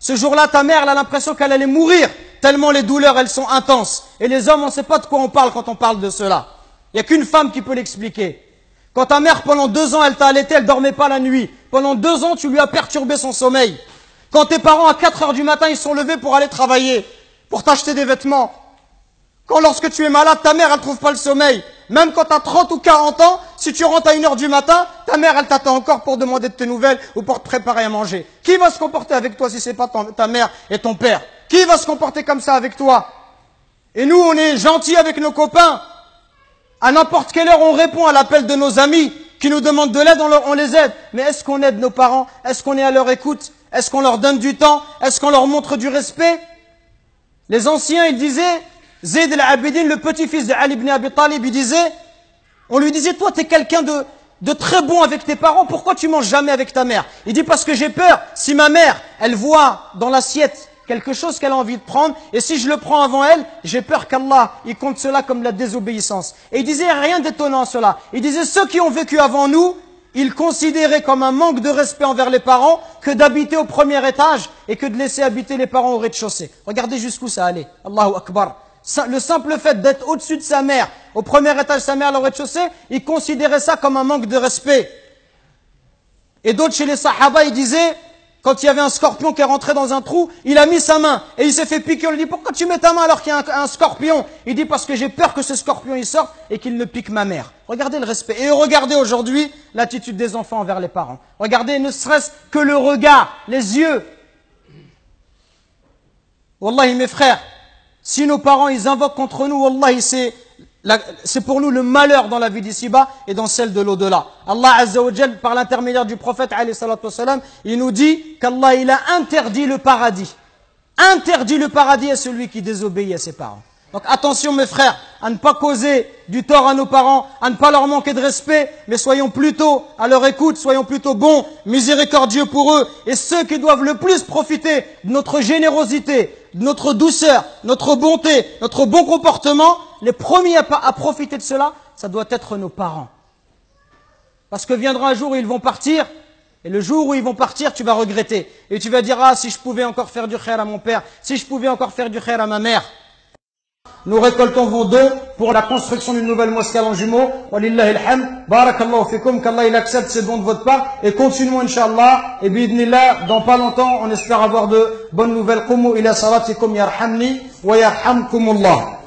Ce jour-là, ta mère, elle a l'impression qu'elle allait mourir, tellement les douleurs, elles sont intenses. Et les hommes, on ne sait pas de quoi on parle quand on parle de cela. Il n'y a qu'une femme qui peut l'expliquer. Quand ta mère, pendant deux ans, elle t'a allaité, elle dormait pas la nuit. Pendant deux ans, tu lui as perturbé son sommeil. Quand tes parents, à 4 heures du matin, ils sont levés pour aller travailler, pour t'acheter des vêtements, quand lorsque tu es malade, ta mère, elle trouve pas le sommeil. Même quand tu as 30 ou 40 ans, si tu rentres à 1h du matin, ta mère, elle t'attend encore pour demander de tes nouvelles ou pour te préparer à manger. Qui va se comporter avec toi si c'est pas ta mère et ton père Qui va se comporter comme ça avec toi Et nous, on est gentils avec nos copains. À n'importe quelle heure, on répond à l'appel de nos amis qui nous demandent de l'aide, on, les aide. Mais est-ce qu'on aide nos parents Est-ce qu'on est à leur écoute Est-ce qu'on leur donne du temps Est-ce qu'on leur montre du respect Les anciens, ils disaient, Zayd al-Abidin, le petit-fils de Ali ibn Abi Talib, il disait, on lui disait, toi, tu es quelqu'un de, très bon avec tes parents, pourquoi tu manges jamais avec ta mère Il dit, parce que j'ai peur, si ma mère, elle voit dans l'assiette quelque chose qu'elle a envie de prendre, et si je le prends avant elle, j'ai peur qu'Allah, il compte cela comme la désobéissance. Et il disait, rien d'étonnant cela. Il disait, ceux qui ont vécu avant nous, ils considéraient comme un manque de respect envers les parents que d'habiter au premier étage et que de laisser habiter les parents au rez-de-chaussée. Regardez jusqu'où ça allait. Allahu Akbar. Le simple fait d'être au-dessus de sa mère, au premier étage de sa mère, le rez-de-chaussée, il considérait ça comme un manque de respect. Et d'autres chez les Sahaba, ils disaient, quand il y avait un scorpion qui est rentré dans un trou, il a mis sa main et il s'est fait piquer. On lui dit, pourquoi tu mets ta main alors qu'il y a un, scorpion Il dit, parce que j'ai peur que ce scorpion il sorte et qu'il ne pique ma mère. Regardez le respect. Et regardez aujourd'hui l'attitude des enfants envers les parents. Regardez ne serait-ce que le regard, les yeux. Wallahi mes frères, si nos parents, ils invoquent contre nous, Allah c'est c'est pour nous le malheur dans la vie d'ici-bas et dans celle de l'au-delà. Allah Azzawajal, par l'intermédiaire du prophète, il nous dit qu'Allah il a interdit le paradis. Interdit le paradis à celui qui désobéit à ses parents. Donc attention mes frères, à ne pas causer du tort à nos parents, à ne pas leur manquer de respect, mais soyons plutôt à leur écoute, soyons plutôt bons, miséricordieux pour eux. Et ceux qui doivent le plus profiter de notre générosité, notre douceur, notre bonté, notre bon comportement, les premiers à, profiter de cela, ça doit être nos parents. Parce que viendra un jour où ils vont partir, et le jour où ils vont partir, tu vas regretter. Et tu vas dire, ah, si je pouvais encore faire du khair à mon père, si je pouvais encore faire du khair à ma mère. Nous récoltons vos dons pour la construction d'une nouvelle mosquée à Wa Walillah ilham, Barakallahu fikum. Qu'Allah il accepte ces dons de votre part. Et continuons, Inch'Allah, Et bidnillah, dans pas longtemps, on espère avoir de bonnes nouvelles. Qumu ila salatikum yarhamni wa yarhamkumullah.